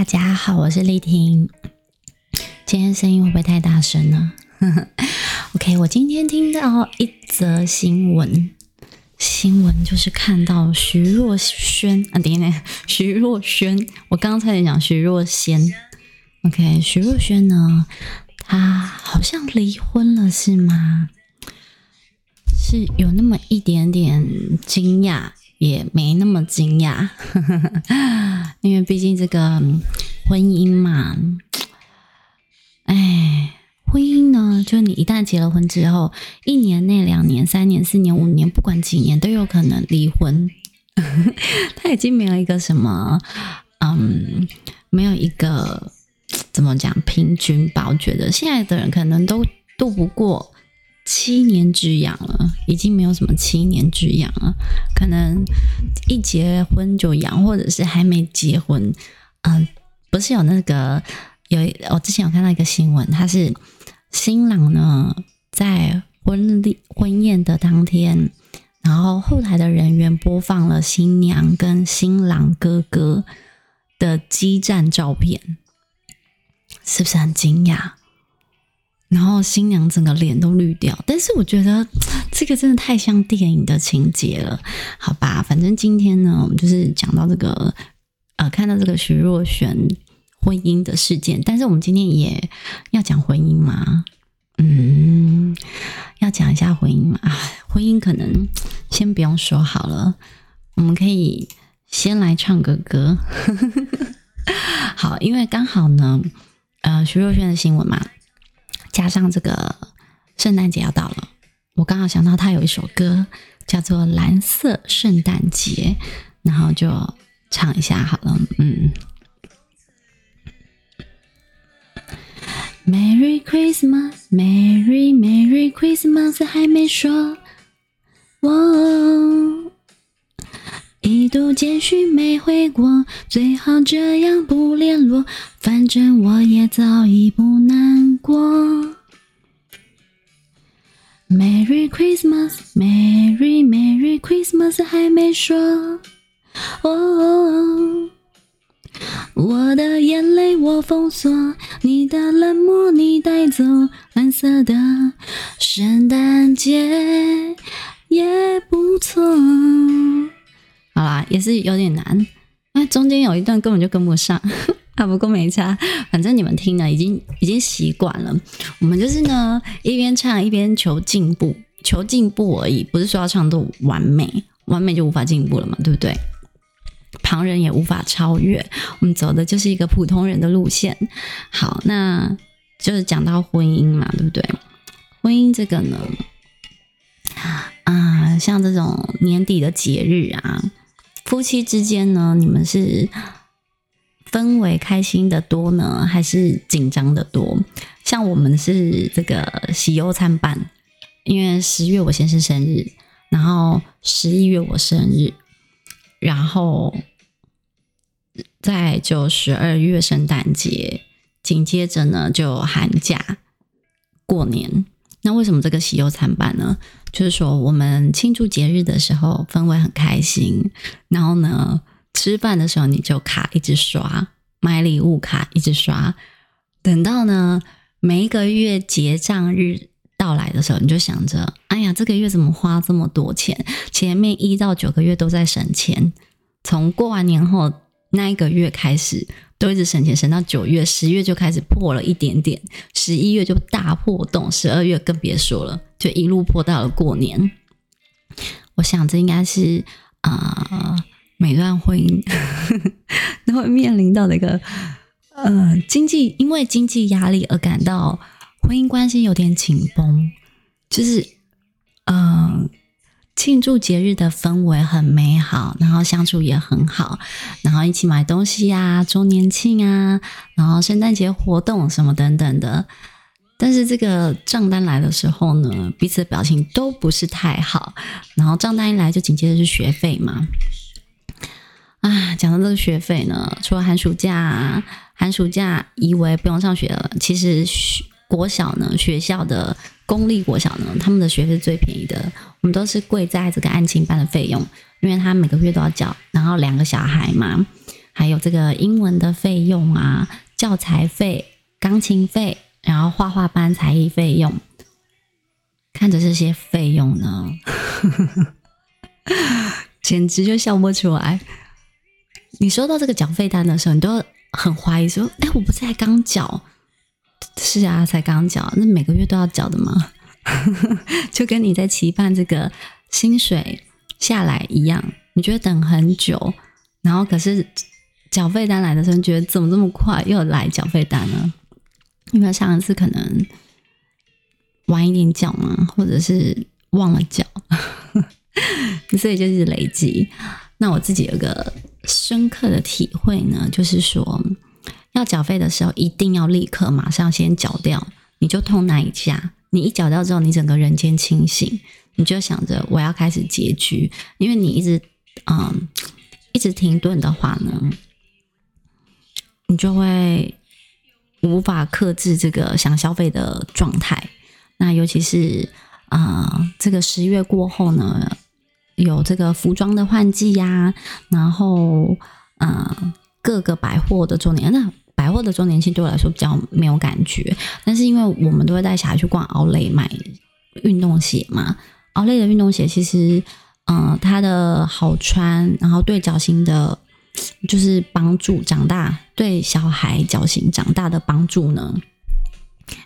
大家好，我是麗婷。今天聲音會不會太大聲呢 ？OK，我今天聽到一則新聞，新聞就是看到徐若瑄啊，等一下，徐若瑄，我剛才在講徐若瑄。OK，徐若瑄呢，她好像離婚了，是嗎？是有那麼一點點驚訝。也沒那麼驚訝呵呵，因為畢竟這個婚姻嘛，哎，婚姻呢，就你一旦結了婚之後，一年內、兩年、三年、四年、五年，不管幾年都有可能離婚。呵呵，他已經沒有一個什麼，嗯，沒有一個怎麼講平均保，我覺得，現在的人可能都度不過。七年之癢了，已經沒有什麼七年之癢了。可能一結婚就癢，或者是還沒結婚，嗯、呃，不是有那個有我之前有看到一個新聞，他是新郎呢，在婚禮婚宴的當天，然後後台的人員播放了新娘跟新郎哥哥的激戰照片，是不是很驚訝？然後新娘整個臉都綠掉，但是我覺得這個真的太像電影的情節了，好吧？反正今天呢，我們就是講到這個，呃，看到這個徐若瑄婚姻的事件，但是我們今天也要講婚姻嘛，嗯，要講一下婚姻嘛，婚姻可能先不用說好了，我們可以先來唱個歌， 好，因為剛好呢，呃，徐若瑄的新聞嘛。加上這個聖誕節要到了，我剛好想到他有一首歌叫做《藍色聖誕節》，然後就唱一下好了。嗯，Merry Christmas，Merry Merry Christmas，還沒說，哇哦，已讀簡訊沒回過，最好這樣不聯絡，反正我也早已不難。我，Merry Christmas，Merry Merry Christmas，還沒說，哦、oh oh，oh, 我的眼淚我封鎖，你的冷漠你帶走，藍色的聖誕節也不錯。好啦，也是有點難，哎、啊，中間有一段根本就跟不上。 啊，不過沒差，反正你們聽了已經已經習慣了。我們就是呢，一邊唱一邊求進步，求進步而已，不是說要唱到完美，完美就無法進步了嘛，對不對？旁人也無法超越，我們走的就是一個普通人的路線。好，那就是講到婚姻嘛，對不對？婚姻這個呢，啊、呃，像這種年底的節日啊，夫妻之間呢，你們是。氛圍開心的多呢，還是緊張的多？像我們是這個喜憂參半，因為十月我先是生日，然後十一月我生日，然後再就十二月聖誕節，緊接着呢就寒假過年。那為什麼這個喜憂參半呢？就是說我們慶祝節日的時候氛圍很開心，然後呢？吃飯的時候你就卡一直刷，買禮物卡一直刷。等到呢，每一個月結賬日到來的時候，你就想着，哎呀，這個月怎麼花這麼多錢？前面一到九個月都在省錢，從過完年後，那一個月開始，都一直省錢，省到九月、十月就開始破了一點點，十一月就大破洞，十二月更別說了，就一路破到了過年。我想這應該是啊。呃每段婚姻 都會面臨到一，那個呃經濟，因為經濟壓力而感到婚姻關係有點緊繃。就是嗯、呃，慶祝節日的氛圍很美好，然後相處也很好，然後一起買東西啊，周年慶啊，然後聖誕節活動什麼等等的。但是這個賬單來的時候呢，彼此的表情都不是太好。然後賬單一來，就緊接着是學費嘛。啊，講到這個學費呢，除了寒暑假、啊，寒暑假以為不用上學了，其實學國小呢，學校的公立國小呢，他們的學費是最便宜的，我們都是貴在這個安親班的費用，因為他每個月都要繳，然後兩個小孩嘛，還有這個英文的費用啊，教材費、鋼琴費，然後畫畫班才藝費用，看着這些費用呢，呵呵呵，簡直就笑不出來。你收到這個繳費單的時候，你都很懷疑說：“哎、欸，我不是才剛繳？是啊，才剛繳。那每個月都要繳的嗎？ 就跟你在期盼這個薪水下來一樣，你覺得等很久，然後可是繳費單來的時候，你覺得怎麼這麼快又來繳費單呢？因為上一次可能晚一點繳嘛，或者是忘了繳， 所以就是累積。那我自己有個。深刻的體會呢，就是說，要繳費的時候一定要立刻馬上先繳掉，你就痛那一下，你一繳掉之後，你整個人間清醒，你就想着我要開始拮據，因為你一直嗯一直停頓的話呢，你就會無法克制這個想消費的狀態，那尤其是啊、嗯、這個十月過後呢。有這個服裝的換季呀、啊，然後嗯，各個百貨的周年，那百貨的周年慶對我來說比較沒有感覺。但是因為我們都會帶小孩去逛奧萊買運動鞋嘛，奧萊的運動鞋其實嗯，它的好穿，然後對腳型的，就是幫助長大，對小孩腳型長大的幫助呢。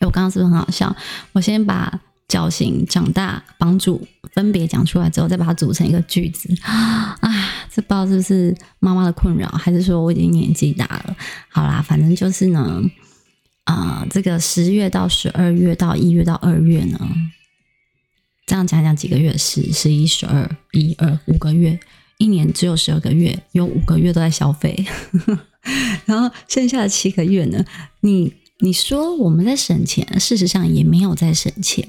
哎，我剛剛是不是很好笑？我先把。叫醒、長大、幫助，分別講出來之後，再把它組成一個句子。啊，這不知道是不是媽媽的困擾，還是說我已經年紀大了？好啦，反正就是呢，啊、呃，這個十月到十二月到一月到二月呢，這樣講講幾個月，十、十一、十二、一、二，五個月，一年只有十二個月，有五個月都在消費， 然後剩下的七個月呢，你。你說我們在省錢，事實上也沒有在省錢，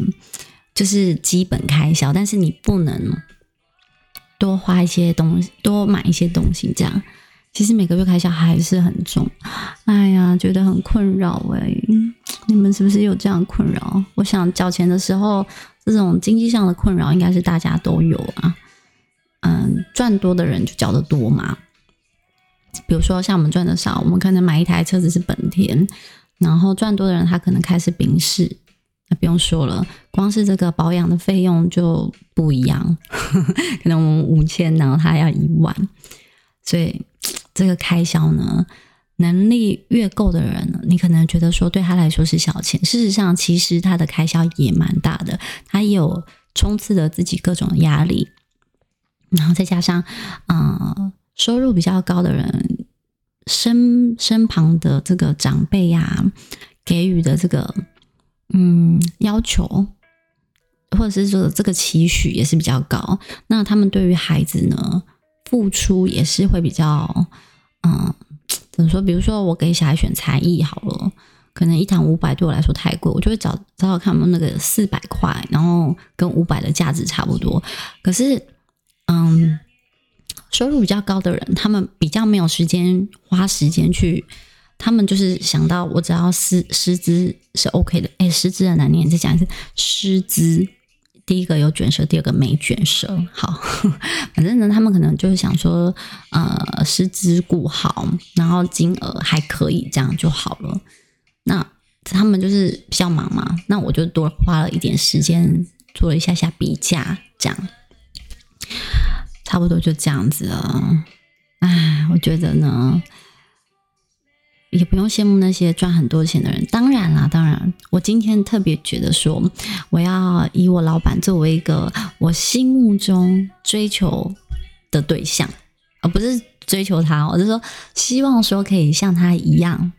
就是基本開銷。但是你不能多花一些東西，多買一些東西，這樣其實每個月開銷還是很重。哎呀，覺得很困擾哎。你們是不是有這樣困擾？我想繳錢的時候，這種經濟上的困擾應該是大家都有啊。嗯，賺多的人就繳得多嘛。比如說像我們賺的少，我們可能買一台車子是本田。然後賺多的人，他可能開始賓士。那不用說了，光是這個保養的費用就不一樣，呵呵可能我們五千，然後他要一萬，所以這個開銷呢，能力越夠的人，你可能覺得說對他來說是小錢，事實上其實他的開銷也蠻大的，他也有充斥了自己各種壓力，然後再加上啊、呃、收入比較高的人。身身旁的這個長輩呀、啊，給予的這個嗯要求，或者是說這個期許也是比較高。那他們對於孩子呢，付出也是會比較嗯，怎麼說？比如說我給小孩選才藝好了，可能一堂五百對我來說太貴，我就會找找找看那個四百塊，然後跟五百的價值差不多。可是嗯。收入比較高的人，他們比較沒有時間花時間去，他們就是想到我只要師師資是 OK 的，哎、欸，師資很難念，再講一次師資。第一個有卷舌，第二個沒卷舌。好， 反正呢，他們可能就是想說，呃，師資夠好，然後金額還可以，這樣就好了。那他們就是比較忙嘛，那我就多花了一點時間做了一下下比價，這樣。差不多就這樣子了，唉，我覺得呢，也不用羨慕那些賺很多錢的人。當然啦，當然，我今天特別覺得說，我要以我老板作為一個我心目中追求的對象，而、呃、不是追求他，我是說，希望說可以像他一樣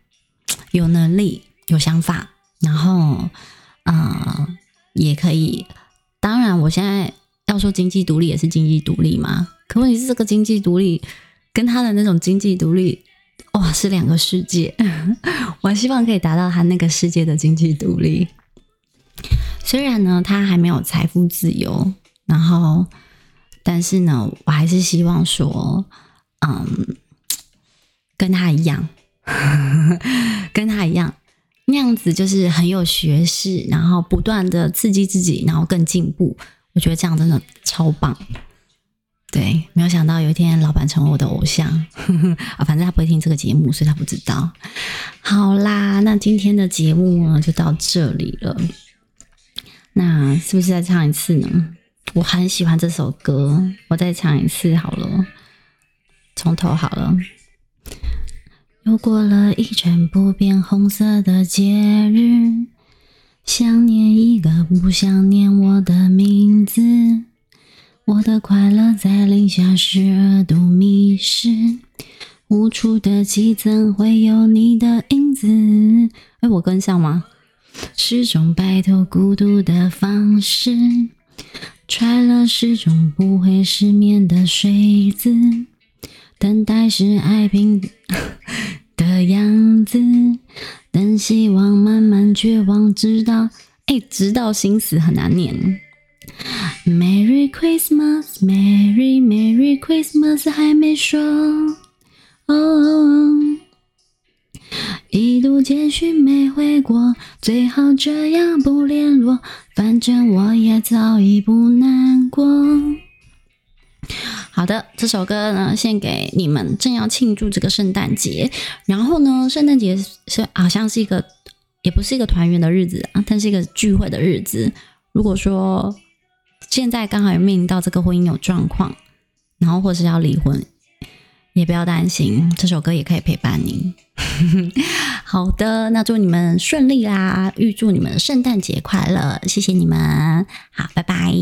有能力、有想法，然後，嗯，也可以。當然，我現在。要說經濟獨立也是經濟獨立嘛，可問題是，這個經濟獨立跟他的那種經濟獨立，哇、哦，是兩個世界。我希望可以達到他那個世界的經濟獨立。雖然呢，他還沒有財富自由，然後，但是呢，我還是希望說，嗯，跟他一樣，呵呵跟他一樣，那樣子就是很有學識，然後不斷的刺激自己，然後更進步。我覺得這樣真的超棒，對，沒有想到有一天老板成為我的偶像啊！ 反正他不會聽這個節目，所以他不知道。好啦，那今天的節目呢，就到這裡了。那是不是再唱一次呢？我很喜歡這首歌，我再唱一次好了，從頭好了。又過了一成不變紅色的節日。想念一個不想念我的名字，我的快樂在零下十二度迷失，無處的寄，怎會有你的影子？哎，我跟上嗎？十種擺脫孤獨的方式，Try 了十種不會失眠的睡姿，等待是愛平 的樣子。等希望慢慢絕望，直到哎，直到心死很難念。Merry Christmas, Merry Merry Christmas，還沒說。哦哦哦，已讀簡訊沒回過，最好這樣不聯絡，反正我也早已不難過。好的，這首歌呢獻給你們，正要慶祝這個聖誕節。然後呢，聖誕節是好像是一個，也不是一個團圓的日子啊，但是一個聚會的日子。如果說現在剛好也面臨到這個婚姻有狀況，然後或是要離婚，也不要擔心，這首歌也可以陪伴你。 好的，那祝你們順利啦，預祝你們聖誕節快樂，謝謝你們，好，拜拜。